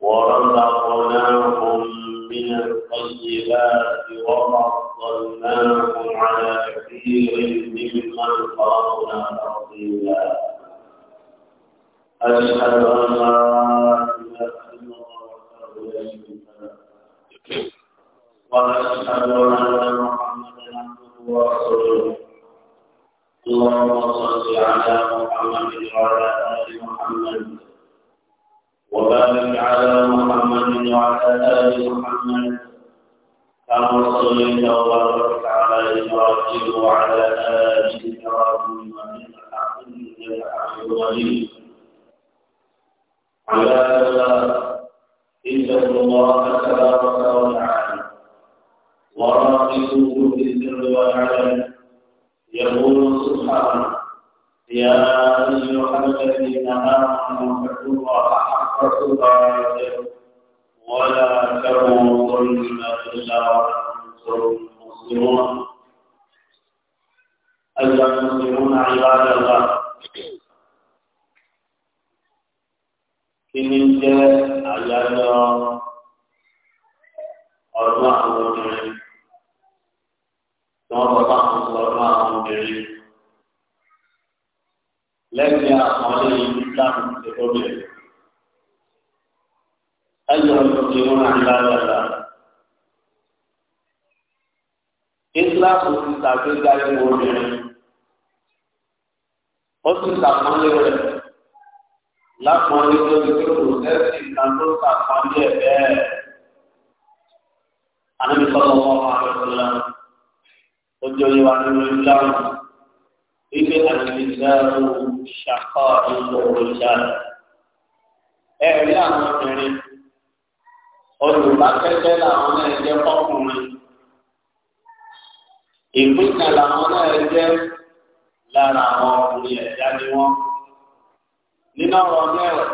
ورزقناهم من الطيبات وفضلناهم على كثير ممن خلقنا تفضيلا أشهد أن لا إله إلا الله وأشهد أن محمدا عبده ورسوله اللهم صل على محمد وعلى آل محمد وبارك على محمد وعلى آل محمد كما صليت وباركت على إبراهيم وعلى آل إبراهيم إنك حميد مجيد عباد الله اتقوا الله تبارك إنما نفعلها حق تقاته ولا تموتن إلا وأنتم مسلمون tó dáyé wọ obìnrin ó sì sàpọ́nlé rẹ̀ lápọ́nlé tó ti tó kò sẹ́sì kan tó sàpọ́nlé ẹ̀ bẹ́ẹ̀. Ànábi sọ́kọ̀ wọn wà lọ́sọ̀lá ó jẹ́ oyè wa nínú ìlànà ilé àti ìlànà ṣàkọ́ ìlú òrìṣà ẹ̀rí àwọn obìnrin olùbákẹ́kẹ́ làwọn náà jẹ́ ìpín kan làwọn náà jẹ́ lára àwọn ọkùnrin ẹ̀dá ni wọ́n. nínú àwọn ọ̀nà ẹ̀rọ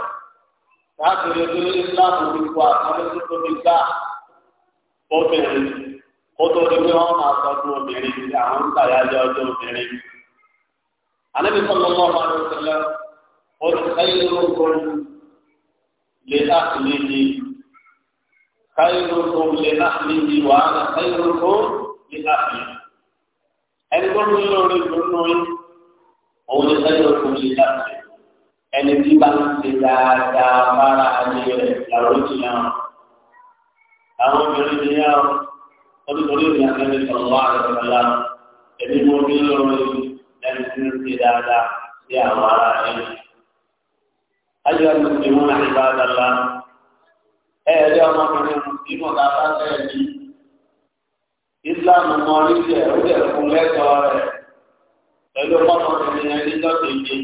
káàkiri tó ní islam ti kó àtúntò tó tóbi gbà obìnrin ó tó ní pé wọ́n máa sọ fún obìnrin àwọn ń tàyájọ́ ọjọ́ obìnrin. àlébí sọ́lọ́ mọ́ ọ̀rọ̀ àti ìṣẹ̀lẹ̀ olùkẹ́yìnrúkún lè láàmìlì káyìnrúkún lè láàmìlì wàhálà káyìnrúkún lè láàmìlì ẹni tó ní lórí ìdùnnú yìí òun ní sẹ́yìn òkú yìí láti ẹni tí bá ń ṣe dáadáa mára ayé rẹ̀ làwọn ti yàn àwọn obìnrin ti yàn onítorí ìrìn àjẹmí sọ̀rọ̀ wà lọ́sọ̀lá ẹni mo ní lórí ẹni tí ń ṣe dáadáa sí àwọn ará ayé. ayé wa ti mú àyíká dàgbà ẹ̀ẹ́dẹ́ ọmọbìnrin ìmọ̀ tá a bá tẹ̀ ẹ́ ìsìlámù mọ oríṣi ẹ̀ ó dẹ̀ fún lẹ́tọ̀ọ́ rẹ̀ pẹ̀lú ọmọ ènìyàn níjọ́ kejì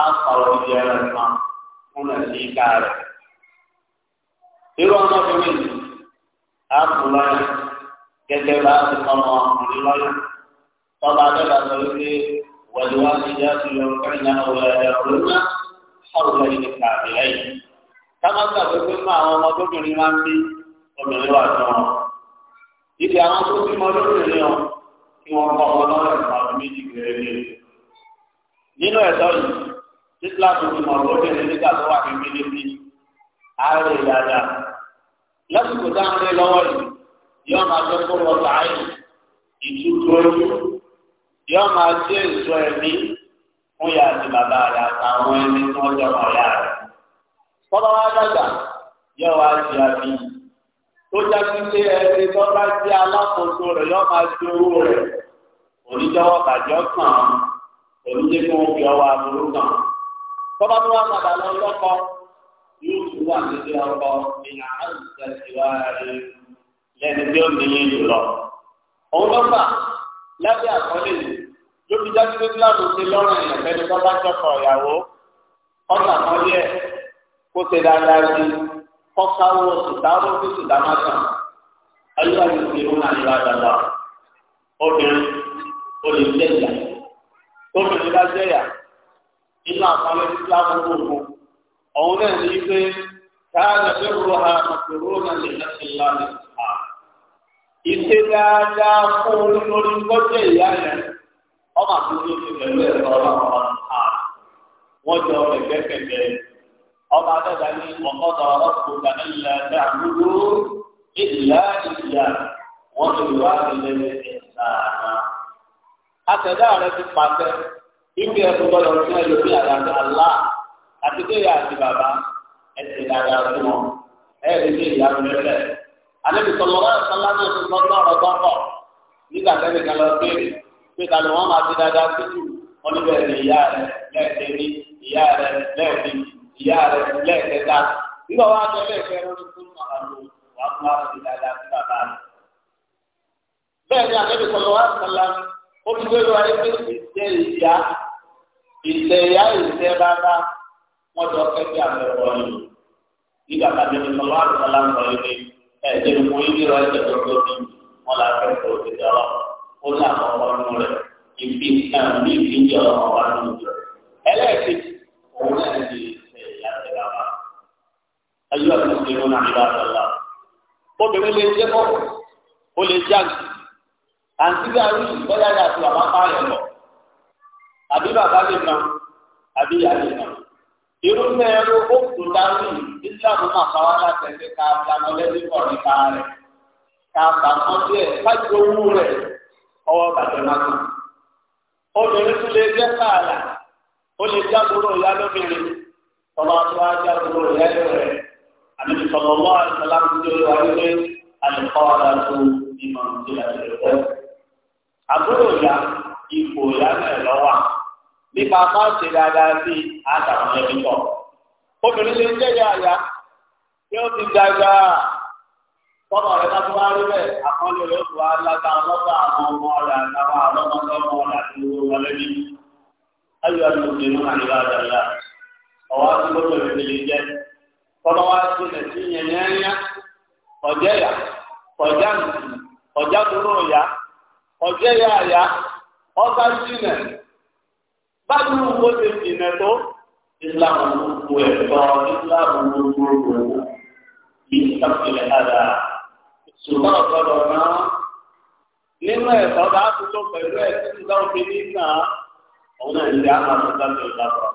á sọ̀rọ̀ ìdí ẹ̀rẹ̀ kan fún ẹ̀sìn ìka rẹ̀. irú ọmọbìnrin á kú lọ́yà gẹ́gẹ́ bá a ti kọ́ ọmọ ọkùnrin lọ́yà tọ́ba dọ́gba sọ wípé wàlúwà ti jẹ́ àtúnyọ̀ kẹ́hìnà ọ̀rọ̀ ẹ̀rọ lọ́nà ọ̀rọ̀ ìdí kàbí lẹ́yìn. ká má gbàgbé pé fún àwọn ọmọ tó ìdí àwọn tó bímọ lóbìnrin ọ kí wọn kọ ọmọ náà ẹ̀sùn ọdún méjì gẹ́gẹ́ bí ẹ̀. nínú ẹ̀tọ́ yìí islam bímọ lóbìnrin nígbà tó wà ní mílíọ̀nù ààrẹ ìyáda lásìkò dáhùn ní lọ́wọ́ yìí yóò máa jẹ́ kó lọ sàáyé ìtútù ojú yóò máa jẹ́ ìṣọ́ ẹ̀mí fún ìyá àti bàbá rẹ̀ àtàwọn ẹni tí wọ́n jọ mọ̀ ọ̀yá rẹ̀. tọ́lá wá dàgbà yóò wá di àbí yìí tó jáde pé ẹni tó bá jẹ́ alákòóso rẹ̀ yóò máa di owó rẹ̀ oníjọ́wọ́ bàjọ́ kàn án oníjẹ́ kí wọ́n fi ọwọ́ aburú kàn án. tọ́ba tó wá padà lọ lọ́kọ yóò tún wà nídìí ọkọ ìyá àlùfẹ́ ìwà rẹ̀ lẹ́ni tí ó níyìn jùlọ. òun ló fà lábẹ́ àkọlé yìí ló fi jáde pé kíláàsì ti lọ́rùn ìyàfẹ́ni tó bá jọkọ̀ ìyàwó ọ̀nà àkọlé ẹ̀ kó ṣe dáadáa kọ́sáwó sùdáwó tó sùdámátà ayélujára ti mú náà nígbà dàgbà obìnrin olùjẹjà obìnrin bá jẹyà nínú àpamọ́ ìsìlámù gbogbo ọ̀hún náà ní pé káàdà tó ha náà lè lẹ́sìn lánàá ìṣe dáadáa fún olórí gbọ́dọ̀ ìyá rẹ̀ ọmọ àti ti wọ́n jọ ọba dada ní ọkọta ọkọ gbàdá ilà dàgbùdù ilà ìyá wọn lè wá ilẹ̀ ẹ̀sà. Àtẹ̀dá rẹ ti pàṣẹ ibi ẹ̀kọ́ gbọdọ̀ fún ẹlòmíì àdàgbà ńlá àti kéèyà àti bàbá ẹ̀sìn dàgbà fún wọn ẹ̀rí ní ìyá mẹ́fẹ́. Àlébi sọ̀rọ̀ wọn sọ́lá náà ti sọ́nà ọ̀rọ̀ gbọ́kọ̀ nígbà tẹ́lẹ̀ kan lọ sí pé ta máa ti dada títù wọn ìyá rẹ̀ lẹ́ẹ̀kẹta nígbà wàá jẹ lẹ́ẹ̀kẹ́ lórí fún màá lò wàá fún àwọn ìdí dáadáa sí bàbá rẹ̀. bẹ́ẹ̀ ni àbẹ́bí sọ̀rọ̀ wá sọ̀la ó fi wéwé wáyé pé ìjẹ́ ìyá ìjẹ́ ìyá ìjẹ́ bàbá wọn jọ kẹ́kẹ́ àbẹ̀wò ọ̀yọ́ nígbà tàbí sọ̀rọ̀ wá sọ̀la ń sọ̀rọ̀ ní ẹ̀jẹ̀ ní mo yí rọ ẹ̀jẹ̀ tó tóbi wọn là fẹ́ ẹlẹ́ẹ̀kejì òun náà ti ayé àti ìṣèlú náà ní ìdájọ́lá. obìnrin lè jẹ́ kọ́ ó lè jẹ́ àǹtí àǹtí bí arú ìgbọ́yà yà àti bàbá bá rẹ̀ lọ àbí bàbá lè kàn àbí ìyá lè kàn. irúfẹ́ ẹrú ó kù dání ìsìlámù náà fáwọn láti ẹgbẹ́ ká dáná lẹ́sìn pọ̀ nípa rẹ̀ ká bà mọ́ díẹ̀ láti owó rẹ̀ ọwọ́ bàjẹ́ máa kàn. obìnrin tún lè jẹ́ sáàlà ó lè jágbóró ìyá lóbìnrin ọmọ tó wá jágbóró ìyá lóbìnrin àbí sọlọ́wọ́ àtàlà tó wà wípé àlùkọ́ọ̀dà tó ìmọ̀ tó yà lè wọ́. àbúrò ya ipò ya náà lọ́wọ́ nípa bá ṣe dáadáa sí àtàwọn ẹbí pọ̀. obìnrin lè jẹ́ ìyá àyà tí ó ti dàgbà tọ́lọ̀ rẹ̀ láti wá rí bẹ́ẹ̀ àkọọ́lẹ̀ rẹ̀ tó wá láta lọ́gbà àwọn ọmọ rẹ̀ àtàwọn àlọ́mọdọ́mọ rẹ̀ àti owó wọlé bí. ayọ̀ àti òṣèlú àríwá àdàlà ọ̀wá tí ó lè jẹ́ kọ́mọ wá sí ilẹ̀ sí yẹn yẹ́nyẹ́ ọ̀jẹ́ yá ọ̀já nìyí ọ̀já dúró yá ya, yá yá ọ̀gá jìnà bájú wo ti jìnà tó islam gbogbo ẹ̀tọ́ islam gbogbo gbogbo yìí sàkìlẹ̀ ada, ṣùgbọ́n ọ̀gbọ́dọ̀ náà nínú ẹ̀tọ́ bá tó tó pẹ̀lú ẹ̀ tí ìgbà òfin ní òun náà ń yá àwọn ọ̀gá tó ìgbà kan.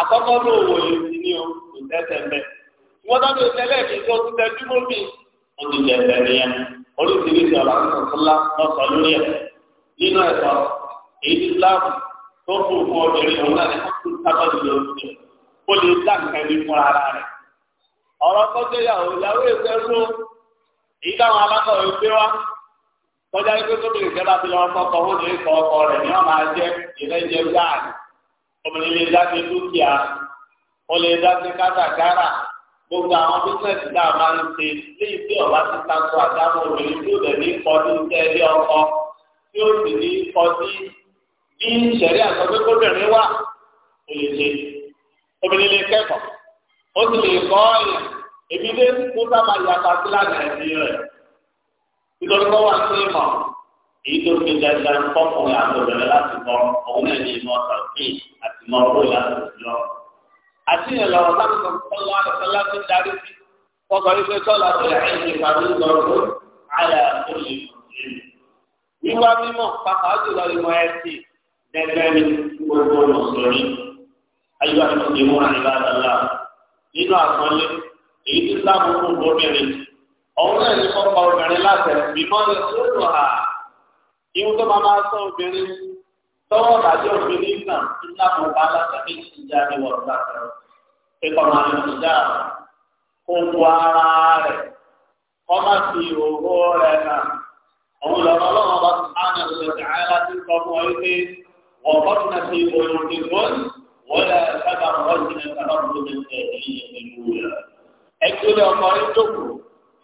àkọ́kọ́ ló wò lè sí ní o kò tẹ́tẹ̀ mbẹ́ wọ́n náà lè tẹ́lẹ̀ kí tó ti tẹ́ dúró mi ó ti tẹ̀ tẹ̀ nìyẹn oríṣiríṣi ọ̀la ńlá lọ́sọ̀ lórí ẹ̀ nínú ẹ̀sọ́ èyí ti láàbù tó fún fún obìnrin òun náà ní lè dá nǹkan fún ara ìyàwó ìyàwó èyí táwọn gbé wá ìjọba ti lọ ọmọdé lè dá sí dúkìá ó lè dá sí kátàkárà gbogbo àwọn bísíǹsì náà máa ń ṣe léyìí tí ọba ti takò àdámọ obìnrin tí ó lè ní kọdún tẹ́lẹ̀ ọkọ tí ó sì ní kọdí bí ìṣẹ̀rí àtọ́gbẹ́kọ́bìnrin wà ó lè ṣe obìnrin lè kẹ́kọ̀ọ́ ó sì lè kọ́ ọ̀yà èmi lé kó sábà yàtọ̀ sí lánàá ẹ̀sìn wà sí ìmọ̀ èyí tó fi dandan kọkùnrin àtọ̀bẹ̀rẹ̀ láti kọ òun náà ní ìmọ̀ tàbí àti ìmọ̀ owó láti lọ. àti ìrìnlọ láti sọ fún wa àtọ́lá tó darí sí ọkọ̀ wípé tọ́lá tó yà ẹ̀yìn ìpàdé lọ́rọ́ àyà tó lè lè. wíwá mímọ̀ pàápàá jùlọ ìmọ̀ ẹ̀sìn dẹ́gbẹ́ ní gbogbo mùsùlùmí. ayíwá tó ti mú àyíká lọ́la nínú àpọ́nlé èyí tó sábà fún irun tó máa máa sọ obìnrin tọwọ́ àjọ obìnrin náà nígbà tó bá láti fi ìjà ní wọ́n bá tẹ̀ pípa máa ń ìjà kó bu ara rẹ̀ kọ́ má fi òwò rẹ̀ náà àwọn ìlànà ọlọ́run bá ti máa ń yàtọ̀ lọ́sẹ̀ ayé láti sọ fún ọ wípé wọ́n bọ́ ti náà fi òwò ti gbọ́n wọ́n lẹ́ sábà wọ́n ti náà sábà tó ti tẹ̀ ní ìlú rẹ̀. ẹgbẹ́ ọkọ̀ rẹ̀ jókòó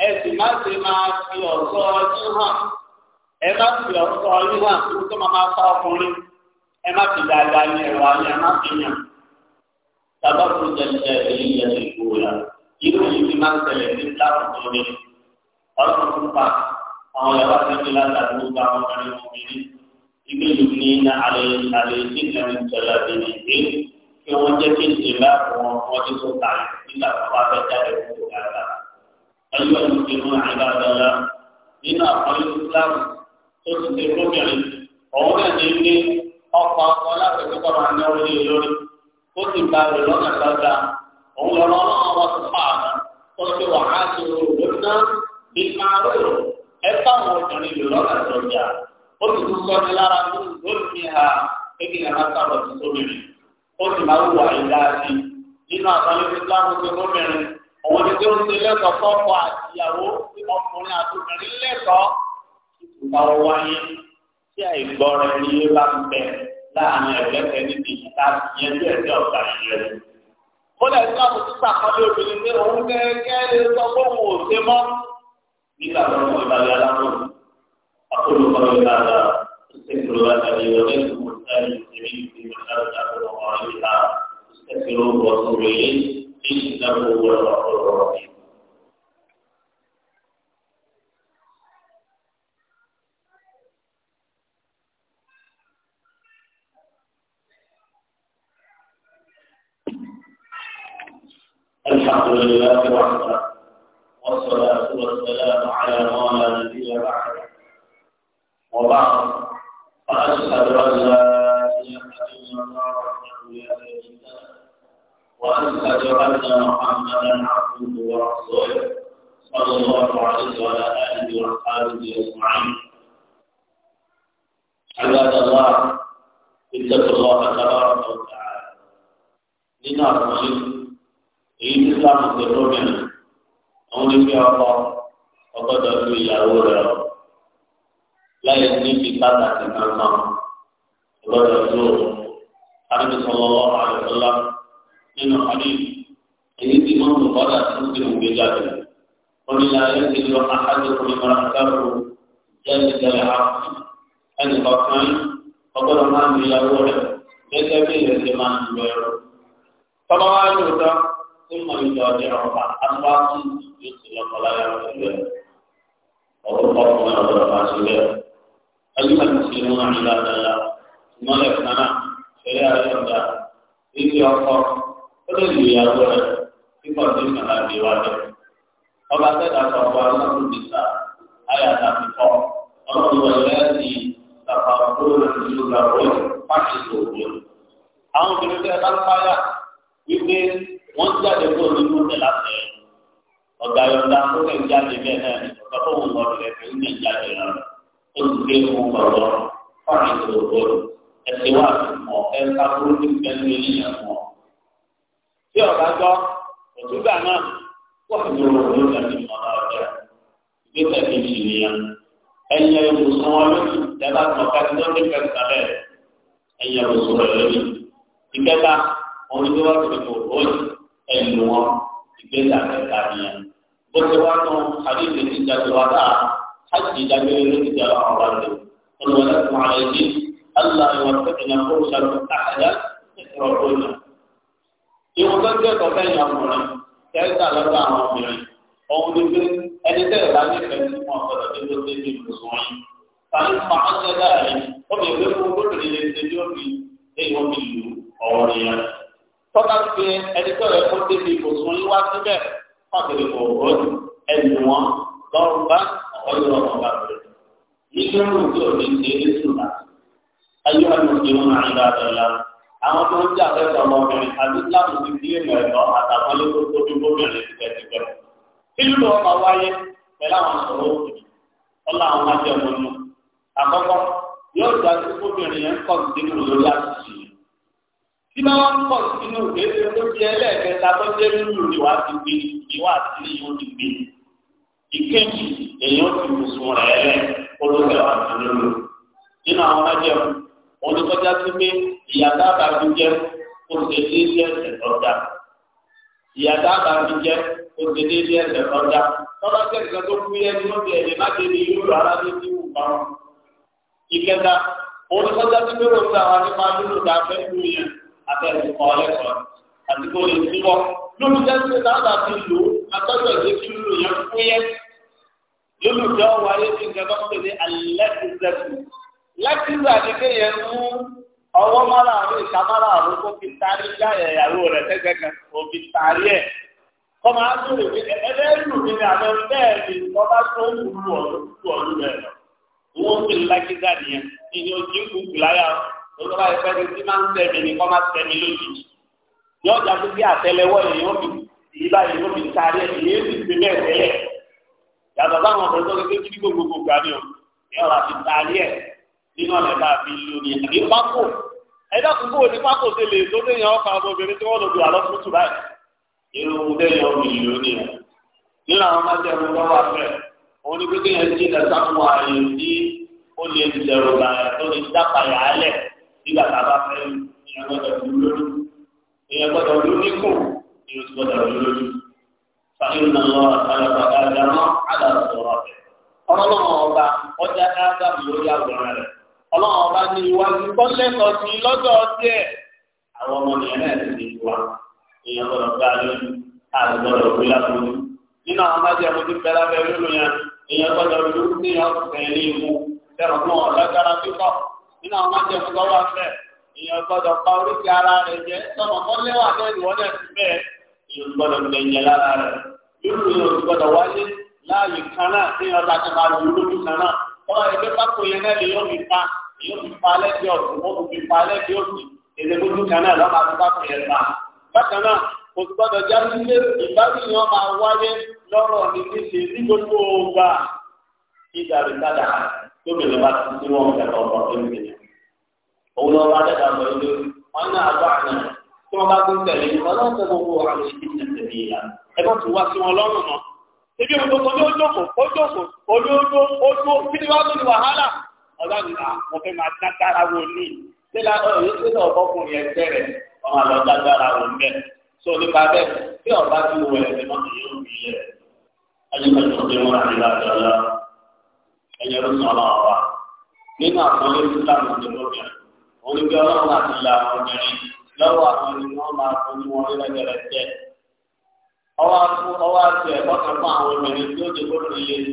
ẹ sì má ti máa fi ọ̀ṣọ́ ọdún hàn ẹ má fi ọ̀sọ́ níwà tó tó máa máa sá ọkùnrin ẹ má fi dáadáa ní ẹ̀rọ ayé ẹ má fi yàn. Tàbá tó jẹjẹ èyí yẹ ti kú la. Irú yìí ti máa ń tẹ̀lé ní láti tó ní. Ọlọ́run tó pa àwọn ẹ̀rọ akẹ́kọ̀ọ́ látàrí gbogbo àwọn ọmọdé obìnrin. Ibi yìí ní iná alẹ́ alẹ́ tí ìlànà ìjọba ti ní gbé kí wọ́n jẹ́ kí ìjìnlá àwọn ọmọdé tó ta nígbà tó wá fẹ́ jáde kúrò dáadáa. Ayé wa ti fi mú àyíká dáadáa nínú àpọ́nlé Islam tó ti ṣe fúnbìnrin òun náà ní ní ọkọ ọkọ láti kókó máa ná orí lórí ó sì gba rè lọ́nà lọ́dà òun lọ lọ́nà ọmọ tó fà á tó ti wà á ti rò lóná ní máa rò ẹ táwọn obìnrin lè lọ́nà lọ́dà ó sì tún sọ ní lára tó lórí ní ha kékeré náà sábà tó tóbi rè ó sì máa wù àyè dáadé nínú àbálẹ́ tó láwọn tó tóbi rè òun ni tó ń ṣe lẹ́tọ̀ọ́ fọ́ọ̀kọ àtìyàwó ọkùnrin àtòkùnrin lẹ́tọ̀ọ́ ìbáwọ̀ wáyé tí àìgbọ́rọ̀ ẹni yé bá ń bẹ láàrin ẹ̀gbẹ́kẹ̀ níbi ìta yẹn bí ẹ̀jẹ̀ ọ̀gá ìyẹn. ó lè ní àwọn tó sàkọ́lé obìnrin pé òun kẹ́kẹ́ lè sọ pé òun ò ṣe mọ́. nígbà tó ń bọ̀ ìbàlẹ̀ aláwọ̀ akólókọ́ ìbàlẹ̀ ìṣèkúrò àtàlẹ́ ìwọlé ìmọ̀tẹ́lẹ̀ ìṣèlú ìṣèlú ìṣèlú ìṣèlú ìṣèlú الحمد لله وحده والصلاة والسلام على ما لا نبي بعده وبعد فأشهد أن لا إله إلا الله وحده لا شريك له وأشهد أن محمدا عبده ورسوله صلى الله عليه وعلى آله وأصحابه أجمعين عباد الله اتقوا الله تبارك وتعالى لنعلم ìsìlámù ṣe lómìnira àwọn onígbé ọkọ ọgbọ́dọ̀ lu ìyàwó rẹ̀ ọ láyé níbi pàtàkì kankan ọgbọ́dọ̀ lu àrùn sọlọlọ àrùsọlá nínú àdé èyí tí wọn kò bọdà tó ti ń gbé jáde onílà ayé ti lọ àhájọ kò ní ma sábò jáde jáde àpò ẹnì kọkàn ọgbọ́dọ̀ máa ìyàwó rẹ̀ gẹ́gẹ́ bí ìrẹsì máa ń lu ẹrọ. tọ́lá wa ló dán. ثم يجاورها أزواج يصل خلايا رسوله وربما نظر رسوله أيها المسلمون عباد الله ثم لكنا شيئا يرجع إذ يغفر فلن يجاوره في قدم على ديوانه وبعد ذلك أخبرنا بالنساء آيات الفور الله الذي تفرقون نشورهن فحسوهن أو بنتي الألقايا wípé wọ́n jáde kúrò nínú ọ̀tẹ̀ láti ẹ̀ ọ̀gá yọ̀ǹda tó kẹ́ ń jáde bẹ́ẹ̀ náà ní ọ̀gá tó wùn lọ́dún rẹ̀ fún ìgbà jáde rẹ̀ ó ti gbé ohun ọ̀rọ̀ fáwọn ìṣòro bọ́ọ̀lù ẹ̀sìn wà mọ̀ ẹ̀ ń sáfúrú ní pẹ̀lú ènìyàn mọ̀. tí ọ̀gá gbọ́ òtúgbà náà wọ́n ti lò ó lórí ìmọ̀lá ọ̀gá ìgbésẹ̀ kejì nìyẹn ẹ̀yẹ ìwòsàn ẹ̀yẹ ìwòsàn wọn lórí ìkẹta òun ni ẹnu wọn ìgbésà mẹ́ta nìyẹn bó ti wá nù àdéhùn ti jáde wá dáa hajj ìdájọ́ yẹn ló ti jẹ́ àwọn ọ̀rọ̀ rẹ̀ olùwàlẹ̀ fún àlẹ́ allah ìwà sẹ́kìnà kó o ṣàlù àhàdá ìṣòro tó yàn. ìwọ̀n tó jẹ́ kọ́kẹ́ yẹn ọkùnrin kẹ́kẹ́ àlọ́dọ̀ àwọn obìnrin òun ni pé ẹni tẹ́ ẹ̀ bá nífẹ̀ẹ́ sí wọn ọ̀sọ̀rọ̀ tó ló dé ní ìbùsùn yìí. tàbí màá ṣẹ́dá rẹ̀ ó bẹ̀rẹ̀ fún gbọ́dọ̀ tọ́ka pé ẹni tó yẹ kó débi ìbòsùn yín wá síbẹ̀ fàbẹ̀rẹ̀ ọ̀rọ̀ ẹnu wọn lọ́rùn bá ọ̀yọ́ ọ̀gá rẹ̀. Ìgbẹ́ rò tí o lè ṣe é sùnà. Ayé wa ló ti wọn àyè dáadáa la. Àwọn tó ń jà lẹ́sọ̀ ọmọbìnrin àti láàmú ti di ìmọ̀ ẹ̀rọ àtàwọn olóko tó ti gómìnà tipẹ́tipẹ́. Ìlú lọ máa wáyé pẹ̀lú àwọn sọ̀rọ̀ òkùnrin. Ọlá àwọn máa jẹ́ ọmọ nù. Àkọ́kọ́ yóò gba sí gómìnà yẹn kọ́ sí nínú lórí àṣìṣe tí bá wọn pọ̀ sínú gbèsè tó di ẹlẹ́ẹ̀kẹta tó jẹ́ nínú ìwà ti gbé ìwà àti ìwọ ti gbé ìkejì èèyàn ti bùsùn rẹ̀ lẹ́ olóògbé wà nínú nínú àwọn ọmọdé wọn ni kọjá sí pé ìyàtọ̀ àbájú jẹ́ oṣù tí ilé ẹsẹ̀ lọ́jà ìyàtọ̀ àbájú jẹ́ oṣù tí ilé ẹsẹ̀ lọ́jà tọ́lá kẹ́kẹ́ tó kú yẹ ní wọ́n ti ẹ̀yẹ má ti yúrò ara ní wù pa wọn. ìkẹta òun ni kọjá oṣù àwọn àti afẹ́rù kọ́ lẹ́kọ̀ọ́ àti kó lè túbọ̀ lórí dẹ́sí dáadáa ti lò atọ́jọ́ ìdí kí ló yẹ fún yẹ lólùdó wáyé ti ń gbàgbọ́ pé ní alẹ́kìzẹ́kù lẹ́kìzẹ́ àdéké yẹn mú ọwọ́ mọ́ra àrùn ìka kó fi taari já ìyàwó rẹ̀ tẹ́gbẹ́ kan kó fi taari ẹ̀ kọ́ máa tó lè fi ẹlẹ́rù mi ní àná bẹ́ẹ̀ ni tọ́ba tó ń wù ọ̀dún tó ọdún bẹ́ẹ̀ lọ wọ́n ti lẹ́kìzẹ́ nìyẹn ìyẹn ò lọ́wọ́ ẹgbẹ́ ni tí máa ń sẹ́mi ni kọ́ máa sẹ́mi lójijì ní ọjà tó bí àtẹ́lẹwọ́ èèyàn fi èyí báyìí ló fi kárí ẹ̀ èyí sì ti bẹ́ẹ̀ tẹ́lẹ̀ yàtọ̀ sáwọn ọ̀sẹ̀ tó kékeré tí gbogbogbò gbà ní o ní ọ̀rọ̀ àti kárí ẹ̀ nínú ọ̀nà ẹ̀dá àfi lónìí àbí pákó ẹ̀dá kúkú òní pákó ṣe lè tó déyàn ọkọ̀ ọmọbìnrin tí wọ́n lò lù àlọ́ tuntun báyìí irun déyàn ọmọbìnrin lónìí nínú àwọn májẹ̀ mi lọ́wọ́ àfẹ́ òun ni pé kéèyàn jí ẹ̀sán mọ́ àyè nígbà tá a bá fẹ́ ìyẹn gbọ́dọ̀ lù lórí ìyẹn gbọ́dọ̀ lù níkù ìyẹn ti gbọ́dọ̀ lù lórí. fàyín náà lọ àtàlọ́gbà àdámọ́ àdàlọ́sọ̀rọ̀ rẹ̀ ọlọ́run ọba ọjà ádámù lórí àwòrán rẹ̀ ọlọ́run ọba ní iwájú kọ́lẹ́kọ̀ọ́ sí lọ́dọ̀ ọdẹ àwọn ọmọ nìyẹn náà ti di ìwà ìyẹn gbọ́dọ̀ gbá lórí àgbọ̀dọ̀ gbé lábúrú nínú àwọn májèmú ti bẹ lábẹ́ lónìí yẹn ìyẹn gbọ́dọ̀ lórí ní ọ̀sẹ̀ ní ìmú fẹ́ràn fún ọ̀dọ́ nínú àwọn máa jẹun tó wà fẹ́ èèyàn gbọ́dọ̀ pa oríṣi ara rẹ̀ jẹ́ sọ̀nà kan lẹ́wà lẹ́nu wọ́n dẹ̀ ti bẹ́ẹ̀ èèyàn gbọ́dọ̀ gbẹ̀yìn lára rẹ̀ yóò yóò gbọ́dọ̀ wáyé láàyè kan náà ní ọ̀tá tó máa lò lójú kan náà ọ̀rọ̀ ẹgbẹ́ pákó yẹn náà lè yóò fi pa yóò fi pa alẹ́ bí ọ̀sùn wọ́n fi pa alẹ́ bí ọ̀sùn èdè lójú kan náà lọ́ba tó pákó yẹn pa. bákan náà kò gbọ́dọ̀ já sílé ìbáwíyàn máa wáyé lọ́rọ̀ ní níṣe ní gbogbo ọgbà ìdàrúdàdà tóbi lọ bá ti tí wọn fẹ́ lọ bọ tó ń gbìyànjú òun lọ bá dàgbà lọ lórí wọn náà àgbà náà tí wọn bá tó ń tẹ̀lé wọn náà tẹ gbogbo àwọn ìdí ìdí ìdí ìyá ẹ bá ti wá sí wọn lọ́rùn mọ́ ibi òdòdó ní ojókòó ojókòó olódó ojú kí ni wàá tó ní wàhálà ọlọ́run náà wọn fẹ́ máa dágbára wò ní sílá ọ̀rẹ́ sílá ọ̀bọ̀kùnrin ẹgbẹ́ rẹ̀ wọn máa lọ dágbára wò ń bẹ̀ so nípa bẹ́ẹ̀ tí ọba ti wọ ẹ̀ ẹ̀ mọ́tò yóò fi yẹ ẹ̀ ẹ̀ ẹ̀yẹ ló sọ̀rọ̀ ọ̀wà nínú àpọ́nlé islam ní lókè oníbi ọlọ́run àti ìlà obìnrin lọ́wọ́ àwọn ẹni wọ́n máa fún ní wọn lẹ́lẹ́gẹ̀rẹ́ jẹ́ ọwọ́ àti ẹ̀kọ́ kan fún àwọn obìnrin tí ó ti gbọ́dọ̀ lè ní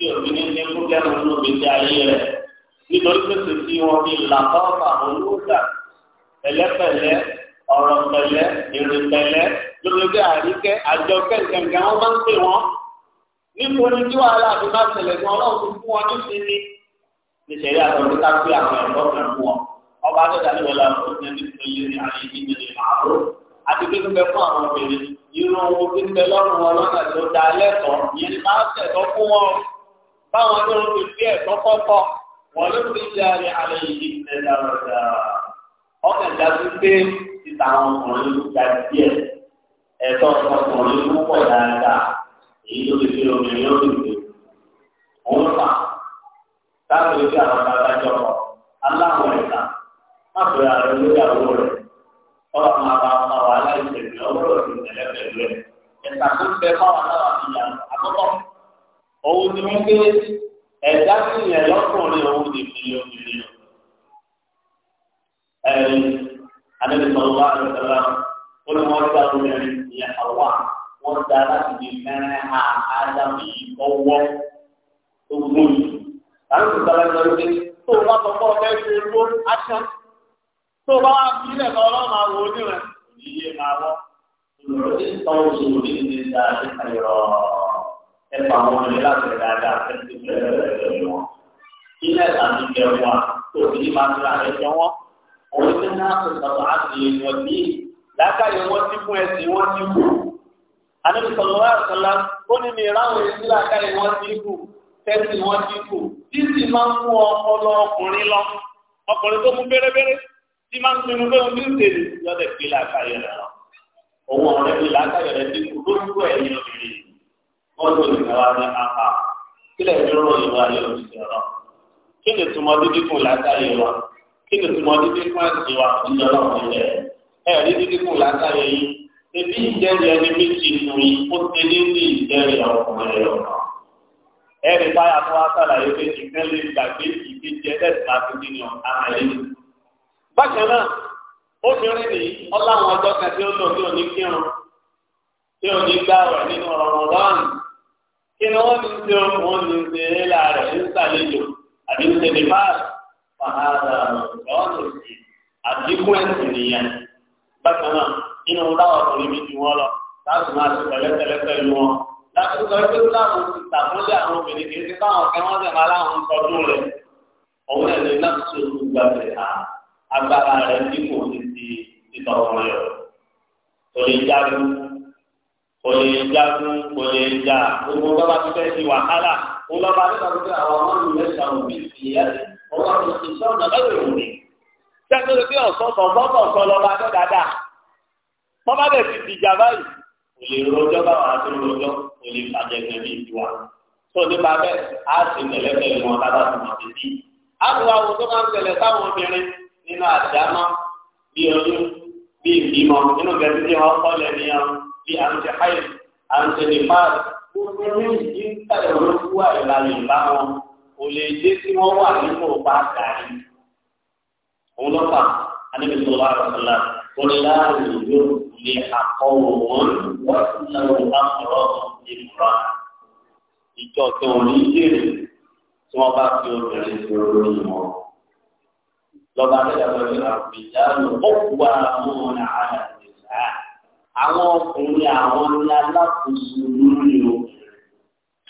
tí òfin ní ní kú kẹ́nu ní òbíjẹ ayé rẹ̀ nítorí pèsè tí wọn fi ìlànà ọ̀fà pẹ̀lẹ́pẹ̀lẹ́ ọ̀rọ̀ pẹ̀lẹ́ èrè pẹ̀lẹ́ lórí bí àríkẹ́ àjọkẹ́ ìkẹ̀kẹ́ wọn máa ń pè wọ́n ipò ní tí wàhálà àti bá tẹ̀lẹ̀ gan ọlọ́run ti fún wọn ní sinmi níṣẹ̀lẹ̀ àtọ̀rọ̀ ká pé àwọn ẹ̀kọ́ kan fún wọn ọba adéta ní wọlé àwọn ọmọdé ní ìpínlẹ̀ ní àyè ìdílé màálù àti pé ń bẹ fún àwọn obìnrin irun owó tí ń bẹ lọ́rùn wọn lọ́nà tó da lẹ́tọ̀ọ́ yẹn ni máa tẹ̀tọ́ fún wọn báwọn tó ń fi fi ẹ̀tọ́ kọ́kọ́ wọn ló fi ṣe àrẹ àrẹ yìí ní ẹ̀dáwọ̀dà ọkàn dájú pé títa àwọn ọkùnrin ló ga èyí tó lè fi obìnrin ó lè fi òun fà láti lè fi àwọn adájọ́ kọ aláwọ̀ ẹ̀ka má pè ara rẹ lórí àwọ̀ rẹ ọ̀rọ̀ máa bá ọmọ wa aláìsèlú ọwọ́ òsì tẹ̀lé pẹ̀lú ẹ̀ ẹ̀ka tó ń bẹ fáwọn aláwọ̀ ìyá àkọ́kọ́ òun ti mú pé ẹ̀dá sì yẹn lọ́kùnrin òun ti fi obìnrin ẹ̀rí adébísọ̀rọ̀ wa àti ọ̀sẹ̀ lọ́wọ́ ó ní wọ́n ti dá lórí ẹ̀rí ìyẹn àwọn wọ́n da láti lè fẹ́rẹ́ ha ádámù yìí ọwọ́ tó gbóyè. Àwọn ìgbàlẹ̀ sọ pé tó o bá sọ fún ọ̀gá ẹ̀ṣẹ̀ epo aṣọ tó o bá wà bí ilẹ̀ kan ọlọ́run máa wọ ojú rẹ̀ ìyè máa wọ́. Olùdókè sọ oṣù òní ní ìdá ìkàyọ̀ ẹ̀fà àwọn ọmọdé láti rẹ̀ dáadáa fẹ́ẹ́ fẹ́ẹ́ wọn. Ilé ìtàkùn kẹwàá tó o sì máa ti ra ẹ̀ṣọ́ wọn. Òun ti náà sọ̀tọ̀ àti ìwọ̀n anabi sọlọlá àtọlá ó ní mi ráwọn èsì làkàyè wọn dínkù tẹsí wọn dínkù títí máa ń mú ọpọlọ ọkùnrin lọ ọkùnrin tó mú bérebére tí máa ń pinnu pé òun ti ń tèlè yọdẹ pé làkàyè rẹ lọ owó ọ̀rẹ́ mi làkàyè rẹ dínkù lórúkọ ẹ̀yìn obìnrin wọn tó ti gbà wá ní apá kílẹ̀ dúró ìwà ayé òṣìṣẹ́ rọ kí ni túmọ̀ dídí fún làkàyè wa kí ni túmọ̀ dídí fún àti wa ìjọba òṣìṣẹ́ ẹ̀ dídí ebi ìjẹ́rìí ẹni méjì fún yìí ó ti ní ní ìjẹ́rìí ọkùnrin ọ̀kan. ẹ̀rì báyà tó wá sàlàyé pé ìfẹ́lẹ́ gbàgbé ìdíje ẹ̀dẹ́sìn àti nínú ààyè. bákan náà obìnrin nìyí ọláwọn ọjọ́ kan tí ó lò tí ò ní kírun tí ò ní gbà rẹ̀ nínú ọ̀rọ̀ wáàlù. kí ni wọ́n ti ń ṣe wọ́n ti ń ṣe ẹ̀là rẹ̀ ń sàlejò àbí ń ṣe ní báàlù. fàhálà ọ̀rọ̀ ọ̀sìn àdínkù ẹ̀sìn nìyẹn bákan náà nínú láwọn ọ̀rọ̀ níbi ju wọn lọ láti máa ṣe pẹ̀lẹ́pẹ̀lẹ́ pẹ̀lú wọn. láti sọ pé láwọn ti tàkúnlé àwọn obìnrin kì í ṣe káwọn kẹ́ wọ́n tẹ̀mọ́ láwọn ń tọ́jú rẹ̀. òun ẹ̀ lè láti ṣe ojú gba rẹ̀ à agbára rẹ̀ tí kò ní ti títọ́ ọmọ yọ. kò lè jagun kò lè jagun kò lè jà gbogbo bàbá tó fẹ́ di wàhálà òun lọ́ba nígbà tó fẹ́ àwọn ọmọ tọ́ba dẹ̀ ti dìjà báyìí kò lè rojọ́ báwọn àti rojọ́ kò lè fàjẹ́ tẹ̀lé ìdíwà tó nípa bẹ́ẹ̀ á sì tẹ̀lé tẹ̀lé wọn lábàá tó wọn ti dì. àbúrò àwọn tó máa ń tẹ̀lé táwọn obìnrin nínú àdámọ́ bí oyún bí ìbímọ nínú gẹ̀ẹ́sì tí wọ́n kọ́ lẹ́ni ọ bí àǹtí háì àǹtí nípàdé gbogbo méjì ń tẹ̀lé olókùú àìláyè báwọn kò lè dé tí wọ́n wà nínú ọ̀pá àdáyé. òun lọ́pàá anábìsọ̀rọ̀ àrùn ولا يفلح قوم ولو أقرضوا امرأة ìjọ tó ń rí jèrè tí wọ́n bá fi obìnrin sí olórí wọn. lọ́ba adéjàgbọ́n ní àbíjà ló ọ̀pọ̀ àwọn ọ̀nà àdàbíjà àwọn ọkùnrin àwọn ní alákòóso lórí obìnrin.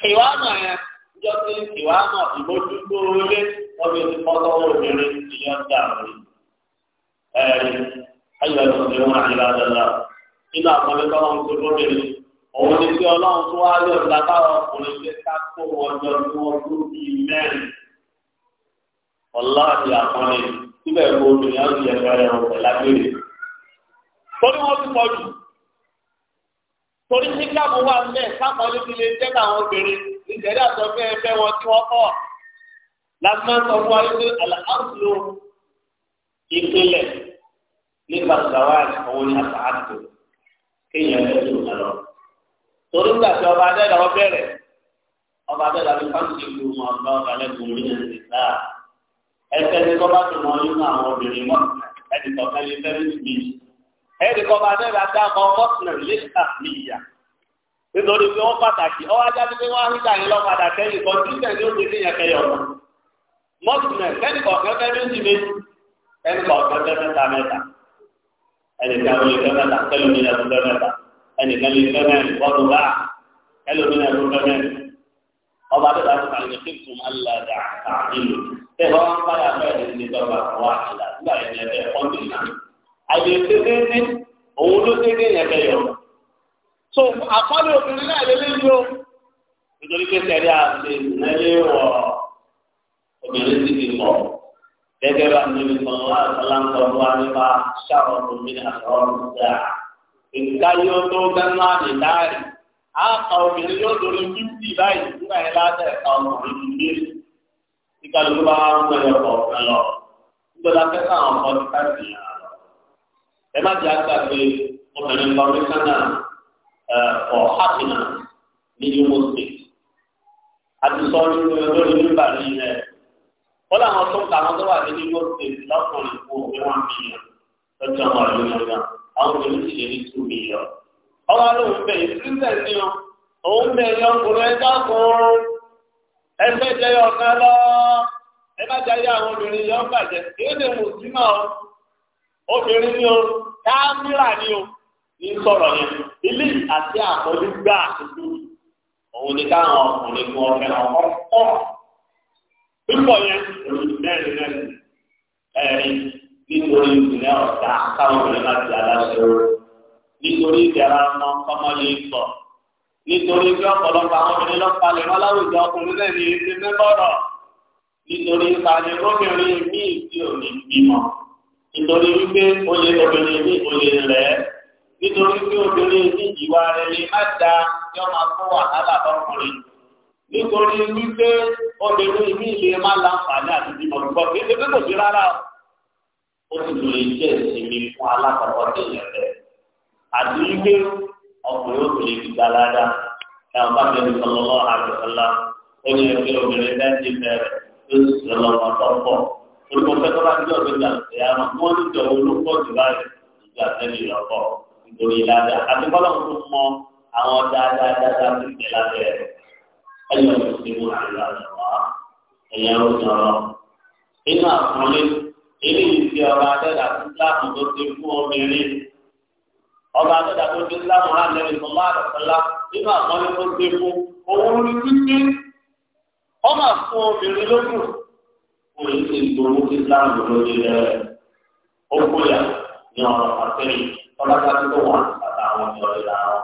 ìwádìí àyàn ìjọ tí ìwádìí ìmójútó ilé wọn bí ti kọ́ sọ́wọ́ obìnrin ìyọ́ta rẹ̀ ayọ̀ ìṣòro àìláàdá náà nínú àpọ̀lẹ́ tó wọn tó lóde ni òun ni tí ọlọ́run tó wá lọ lábára ọkùnrin pé ká kó wọn jọ kí wọn tó bí mẹ́rin ọláàdì àpọ̀lẹ́ síbẹ̀ kó obìnrin á ti ẹ̀fọ́ rẹ̀ ọ̀pẹ̀ lágbèrè. torí wọn ti pọ̀ jù torí tí káàmù wà nílẹ̀ káàmù ọdún ti lè jẹ́ àwọn obìnrin ìjẹ́dá sọ pé ẹgbẹ́ wọn tí wọ́n kọ́ lásán sọ fún wa yìí pé àlàáfíà ìpínlẹ̀ nípa ìgbàwá àwọn ní àtàkùn kéèyàn lè tó nà lọ. torí nígbà tí ọba adẹ́dà ọ bẹ̀rẹ̀ ọba adẹ́dà ní fásitì ìlú mọ ọba ọba lẹ́kùn orí ẹ̀ ní sá. ẹsẹ̀ ní kọ́ bá tó mọ nínú àwọn obìnrin mọ́ ẹni tó fẹ́ lé fẹ́rẹ́ sí mi. ẹni kọ́ bá adẹ́dà dá ọmọ mọ́tìnà lé àfìyà. nítorí pé wọ́n pàtàkì ọwọ́ ajá ní pé wọ́n á ń gbà yín lọ́padà kẹ́yìn kan ẹnìkan lè fẹ́ mẹ́ta kẹlòmínà tó fẹ́ mẹ́ta ẹnìkan lè fẹ́ mẹ́rin wọ́n bá kẹlòmínà tó fẹ́ mẹ́rin ọba tó bá fún àyè tó tún alága àtàlù tẹ bá wọn bá yàgbẹ́ ẹ̀dẹ̀ ní bàbá wa àlà nígbà yẹn lè fẹ́ fọ́n bìnnà àyè tó dédé òun ló dédé yẹn fẹ́ yọ. so àkọlé obìnrin náà lè léyìí nítorí pé sẹ́rí àti ìnáyé obìnrin ti di mọ́ gẹ́gẹ́ bá níbi sọ̀rọ̀ àtàlántọ̀ wá nípa ṣàròkò mi àtọ̀rọ̀ dà. nǹkan yóò tó gánà lè láàyè á kà obìnrin yóò dorí fífì báyìí nígbà yẹn láti ẹ̀ka ọkùnrin ìdílé nígbà tó bá wọn gbé ọkọ̀ ọ̀kan lọ nígbà tó kẹ́kọ̀ọ́ àwọn ọkọ̀ ti káàkiri yàrá lọ. ẹ má jẹ́ àgbàgbé obìnrin kọmíṣánná ọ̀hátìnà ní yúmọ́sì àti sọ́ọ́ lórí ní kọ́lá àwọn tó ń ta àwọn tó wà ní new york state lọ́kùnrin kú ní one million lọ́jọ́ àwọn àlọ́ yẹn náà àwọn tó ń ṣe ní two million. ọwọ́ alóhùn bẹ́ẹ̀ ìsílẹ̀ ni ọ òun bẹ̀rẹ̀ ọkùnrin ẹ dákun ẹgbẹ́ jẹ́ ọ̀kan lọ ẹ bá jẹ́ ayé àwọn obìnrin yọ bàjẹ́ èyí ni mo sí náà obìnrin ni o kámírà ni o ní sọ̀rọ̀ yẹn ilé àti àkọ́jú gbà àti dúró òun ni káwọn ọkùnrin kún ọ̀fẹ́ ọ̀pọ̀ pípọ̀ yẹn mẹ́rin mẹ́rin ẹ̀rin nítorí ìpínlẹ̀ ọ̀tá káwọn obìnrin láti aláṣẹ o nítorí ìdára ọmọ kọ́mọ́lé ìtọ̀ nítorí bí ọ̀pọ̀lọpọ̀ àwọn obìnrin lọ́pàá lè wọ́n láwùjọ ọkùnrin náà ní ẹsẹ̀ mẹ́bọ̀rọ̀ nítorí ìpàdé lóbìnrin míì tí ò ní bímọ nítorí wípé ó lè obìnrin ní olè rẹ̀ nítorí pé obìnrin ní ìwà rẹ̀ lè má nítorí wípé obìnrin ìní ilé máa láǹfààní àti bímọ lùkọ kí ẹgbẹ́ kò sí rárá ó sì lè jẹ́ ìsinmi fún alákọ̀ọ́kọ́ tó yẹ fẹ́ àti wípé ọkùnrin òkùnrin ti gba lára ẹ ọba bẹni sọlọlọ àgbẹsọlá ó ní ẹgbẹ́ obìnrin bẹ́ẹ̀ ti bẹ̀rẹ̀ tó sì sọ lọ́wọ́ tọ́pọ̀ olùkọ́ fẹ́tọ́ bá jẹ́ ọ̀gbẹ́jà ẹ̀yà wọn ní ìjọ olùkọ́ jù báyìí ìjọ àtẹ́lẹ̀ ìrọ̀kọ́ ìlàjà àti kọ́lọ́ ألا تسلموا على الله ẹ̀yà ó sọ̀rọ̀. Nínú àkọlé, ilé ìfi ọba Adẹ́dà tó dáàbò tó ti fún obìnrin. Ọba Adẹ́dà tó ti láwọn alẹ́rìí tó máa dọ̀tọ́lá nínú àkọlé tó ti fún òun ní títí. Wọ́n máa fún obìnrin lókun. Kò ní ti gbowó ti láwọn lórí rẹ̀. Ó kóyà ní ọ̀rọ̀ pàtẹ́yìn. Ọba Adẹ́dà tó wà àtàwọn ọ̀dọ́ ìlà wọn.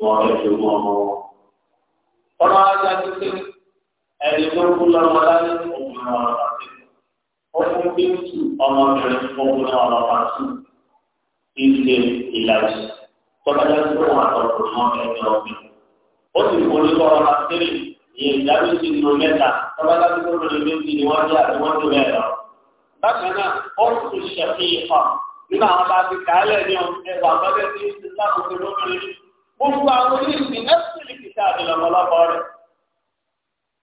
Wọ́n fẹ́ fi owó ọmọ wọn ọ̀rọ̀ ajá títí ẹni tó kú lọ́wọ́ láti òun náà ọ̀rọ̀ àti ọkùn bí tù ọmọbìnrin òun náà ọ̀rọ̀ àti ìṣe ìlàjì tọ́kadà tó wà lọ́kùn mọ́ ẹni ọ̀gbìn. ó sì kú ní ọ̀rọ̀ àti ìyẹn ìdájọ́ ti nù mẹ́ta tọ́kadà tó kú lórí méjì ni wọ́n jẹ́ àti wọ́n tó bẹ́ẹ̀ lọ. bákan náà ó sì ṣàfihàn nínú àwọn bá ti kàálẹ̀ káàdì lọ́pọ̀lọpọ̀ rẹ̀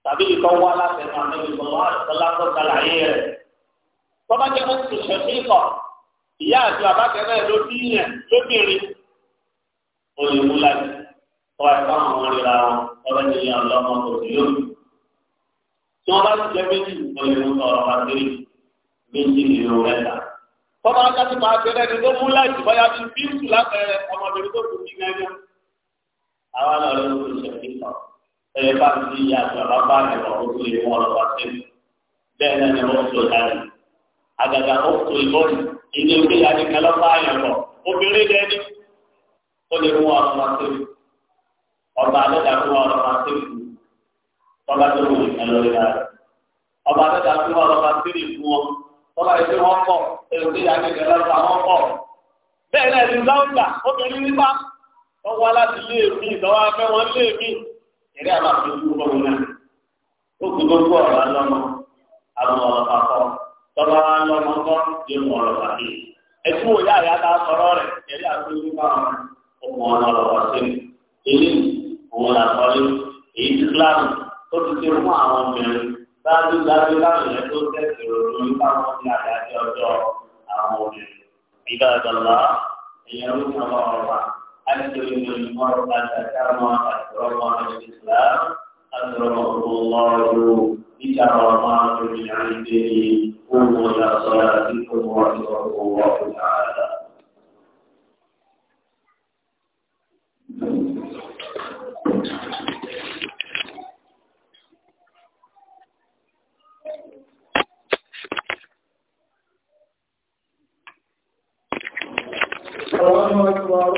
tàbí ìtọ́ wá láti ẹ̀ka níbi ìgbọ̀nwá àtọ́lápọ̀ sàlàyé rẹ̀. Bọ́bá jẹ́ wọ́n ti ṣẹ̀fín kọ̀ ìyá àti bàbá kẹ́rẹ́ lóbìnrin lóbìnrin ó lè mú láti wọ́n ẹ̀ka àwọn ìlà wọn ọ̀rọ̀ ní ìyá ọlọ́mọ kò sí lónìí. Tí wọ́n bá ti jẹ́ méjì ó lè mú ọ̀rọ̀ wá sí méjì nínú mẹ́ta. Bọ́bá wọn ká àwọn àlọ́ olùsọ̀rí kan ẹ̀rẹ́ bá ti di ìyá àti bàbá bá rẹ̀ lọ ó tó lè mú ọlọ́wà sí i bẹ́ẹ̀ náà ni wọ́n tó dáre àgàgà ó tó ìbọn ilé orí àdìkan lọ́pàá àyàn lọ obìnrin dẹ́ni ó lè mú ọlọ́wà sí i ọba àdọ́ta fún ọlọ́wà sí i ọba tó wù ìyẹn lórí rẹ̀ ọba àdọ́ta fún ọlọ́wà sí i fún ọ ọba ìdí wọn pọ̀ èrò wọ́n wá láti lé mi ìdánwò afẹ́ wọn lé mi eré àbàtì ojú bọ́ wọn náà ó kú gbogbo ọ̀rọ̀ lọ́mọ àwọn ọ̀rọ̀ papọ̀ tọ́lá lọ́mọ kọ́ yẹmu ọ̀rọ̀ pàdé ẹtú òyà àyà ta sọ̀rọ̀ rẹ̀ eré àbàtì ojú bọ́ wọn ọmọ ọ̀rọ̀ wọ̀ sí i èyí òun là sọ́lé èyí ti kíláàmù tó ti ṣe fún àwọn obìnrin dájú dájú أكرم المرأة كما أكرمها الإسلام أكرمه الله بكرامات من عنده قوموا إلى صلاتكم ورحمه الله تعالى الله أكبر